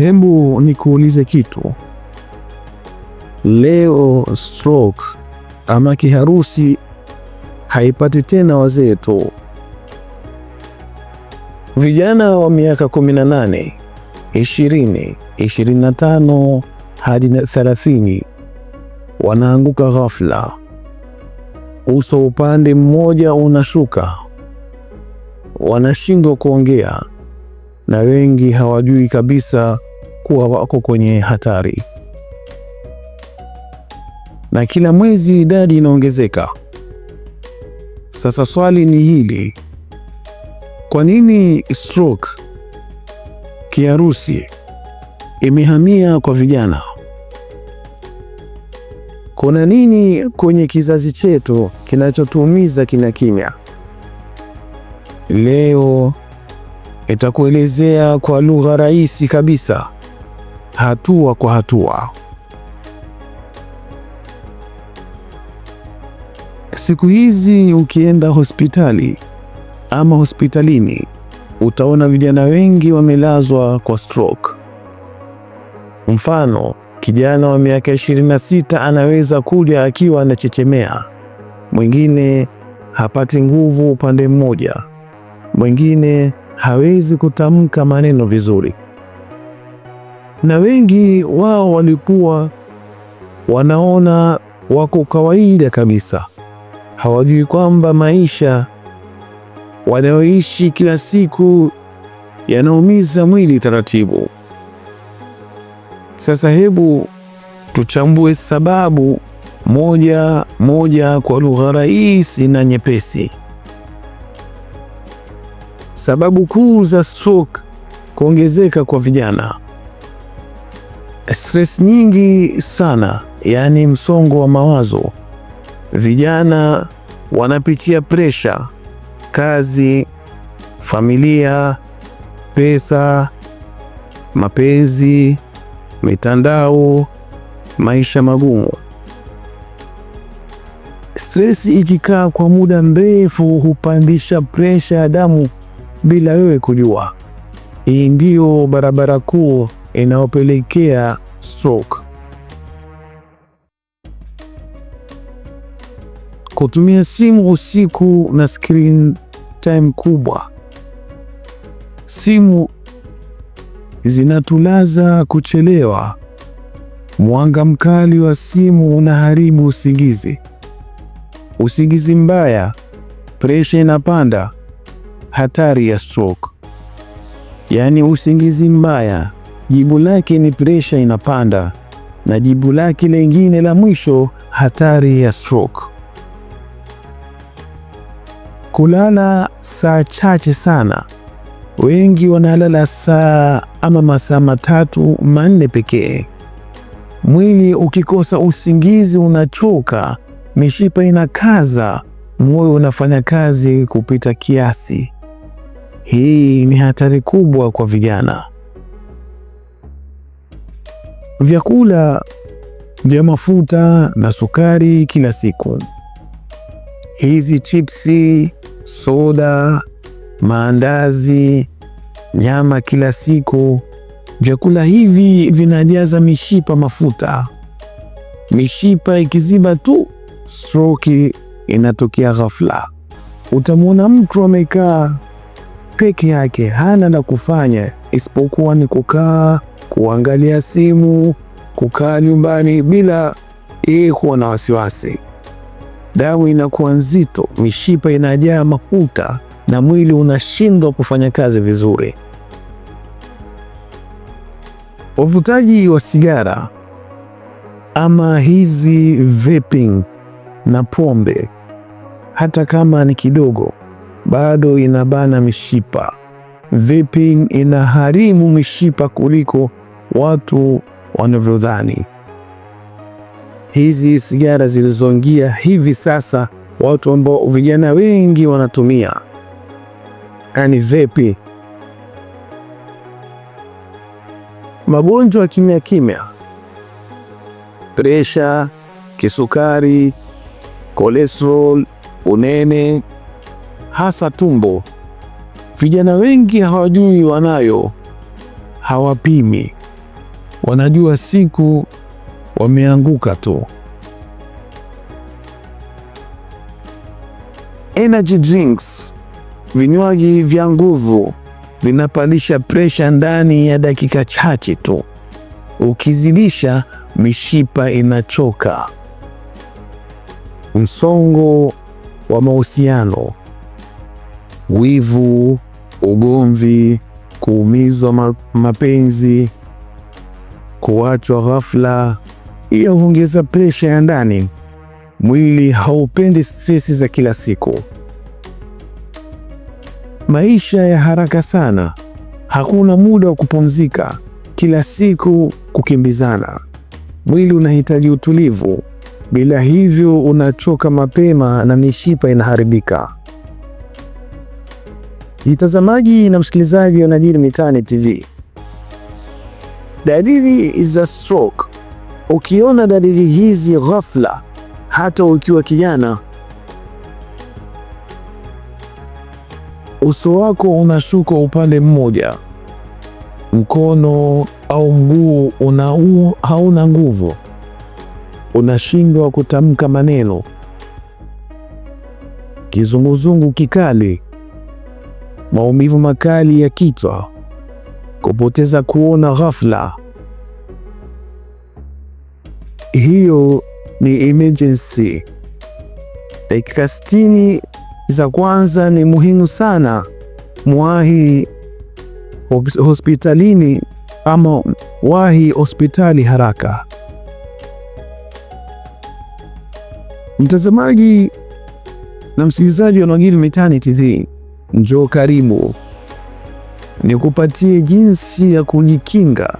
Hebu nikuulize kitu leo, stroke ama kiharusi haipati tena wazee tu. Vijana wa miaka 18, 20, 25 hadi 30 wanaanguka ghafla, uso upande mmoja unashuka, wanashindwa kuongea na wengi hawajui kabisa kuwa wako kwenye hatari, na kila mwezi idadi inaongezeka. Sasa swali ni hili, kwa nini stroke kiharusi imehamia kwa vijana? Kuna nini kwenye kizazi chetu kinachotuumiza kina kimya? Leo nitakuelezea kwa lugha rahisi kabisa hatua kwa hatua. Siku hizi ukienda hospitali ama hospitalini utaona vijana wengi wamelazwa kwa stroke. Mfano, kijana wa miaka 26 anaweza kuja akiwa anachechemea, mwingine hapati nguvu upande mmoja, mwingine hawezi kutamka maneno vizuri na wengi wao walikuwa wanaona wako kawaida kabisa, hawajui kwamba maisha wanayoishi kila siku yanaumiza mwili taratibu. Sasa hebu tuchambue sababu moja moja kwa lugha rahisi na nyepesi. Sababu kuu za stroke kuongezeka kwa vijana stress nyingi sana, yaani msongo wa mawazo. Vijana wanapitia presha, kazi, familia, pesa, mapenzi, mitandao, maisha magumu. Stress ikikaa kwa muda mrefu hupandisha presha ya damu bila wewe kujua. Hii ndiyo barabara kuu inayopelekea stroke. Kutumia simu usiku na screen time kubwa. Simu zinatulaza kuchelewa. Mwanga mkali wa simu unaharibu usingizi. Usingizi mbaya, presha inapanda, hatari ya stroke. Yaani usingizi mbaya jibu lake ni presha inapanda, na jibu lake lingine la mwisho, hatari ya stroke. Kulala saa chache sana. Wengi wanalala saa ama masaa matatu manne pekee. Mwili ukikosa usingizi unachoka, mishipa inakaza, moyo unafanya kazi kupita kiasi. Hii ni hatari kubwa kwa vijana vyakula vya mafuta na sukari kila siku, hizi chipsi, soda, maandazi, nyama kila siku. Vyakula hivi vinajaza mishipa mafuta. Mishipa ikiziba tu, stroki inatokea ghafla. Utamwona mtu amekaa peke yake, hana la kufanya isipokuwa ni kukaa kuangalia simu, kukaa nyumbani bila yeye kuwa na wasiwasi. Damu inakuwa nzito, mishipa inajaa mafuta na mwili unashindwa kufanya kazi vizuri. Wavutaji wa sigara ama hizi vaping na pombe, hata kama ni kidogo, bado inabana mishipa. Vaping inaharimu mishipa kuliko watu wanavyodhani. Hizi sigara zilizoingia hivi sasa, watu ambao vijana wengi wanatumia, yaani vepi. Magonjwa kimya kimya, presha, kisukari, kolesterol, unene, hasa tumbo. Vijana wengi hawajui wanayo, hawapimi wanajua siku wameanguka tu. Energy drinks, vinywaji vya nguvu vinapandisha presha ndani ya dakika chache tu. Ukizidisha, mishipa inachoka. Msongo wa mahusiano, wivu, ugomvi, kuumizwa mapenzi Kuachwa ghafla pia huongeza presha ya ndani. Mwili haupendi stresi za kila siku. Maisha ya haraka sana, hakuna muda wa kupumzika, kila siku kukimbizana. Mwili unahitaji utulivu, bila hivyo unachoka mapema na mishipa inaharibika. Mtazamaji na msikilizaji wa Yanayojiri Mitaani TV. Dalili za stroke. Ukiona dalili hizi ghafla, hata ukiwa kijana, uso wako unashuka upande mmoja, mkono au mguu unau hauna nguvu, unashindwa kutamka maneno, kizunguzungu kikali, maumivu makali ya kichwa kupoteza kuona ghafla. Hiyo ni emergency. Dakika 60 za kwanza ni muhimu sana. Mwahi hospitalini ama wahi hospitali haraka. Mtazamaji na msikilizaji wa Yanayojiri Mitaani TV, njoo karibu nikupatie jinsi ya kujikinga.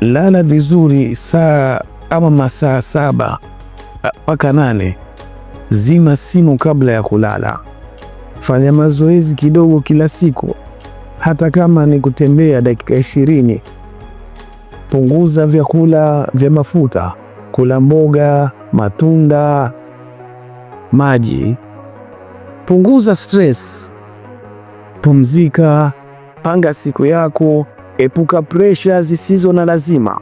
Lala vizuri saa ama masaa saba mpaka nane. Zima simu kabla ya kulala. Fanya mazoezi kidogo kila siku, hata kama ni kutembea dakika ishirini. Punguza vyakula vya mafuta, kula mboga, matunda, maji. Punguza stress pumzika, panga siku yako, epuka presha zisizo na lazima,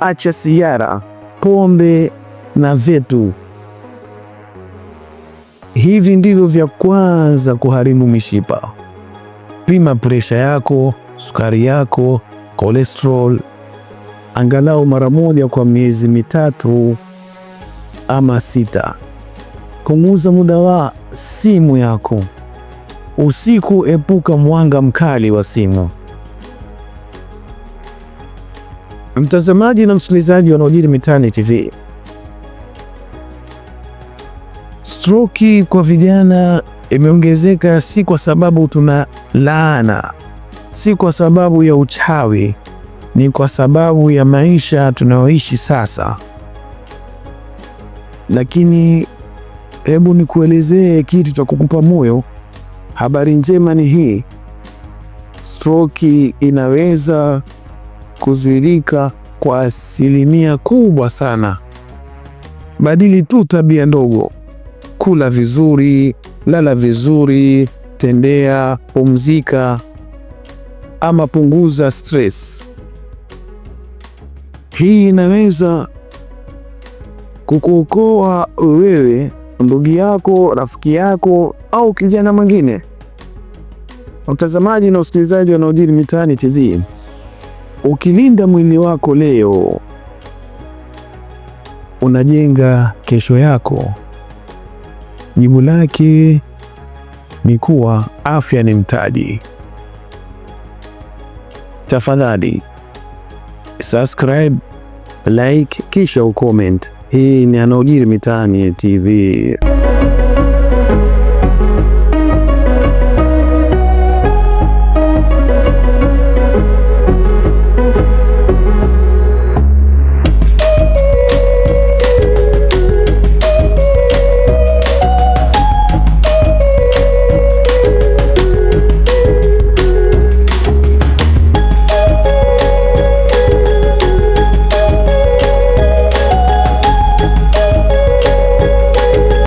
acha sigara, pombe na vetu hivi. Ndivyo vya kwanza kuharibu mishipa. Pima presha yako, sukari yako, kolesterol angalau mara moja kwa miezi mitatu ama sita. Kumuza muda wa simu yako. Usiku epuka mwanga mkali wa simu. Mtazamaji na msikilizaji yanayojiri mitaani TV. Stroki kwa vijana imeongezeka, si kwa sababu tuna laana, si kwa sababu ya uchawi, ni kwa sababu ya maisha tunayoishi sasa. Lakini hebu nikuelezee kitu cha kukupa moyo. Habari njema ni hii, stroke inaweza kuzuilika kwa asilimia kubwa sana. Badili tu tabia ndogo: kula vizuri, lala vizuri, tembea, pumzika, ama punguza stress. Hii inaweza kukuokoa wewe, ndugu yako, rafiki yako au kijana mwingine? Mtazamaji na usikilizaji wanaojiri yanayojiri mitaani TV, ukilinda mwili wako leo unajenga kesho yako. Jibu lake ni kuwa afya ni mtaji. Tafadhali subscribe, like kisha ucomment. Hii ni yanayojiri mitaani TV.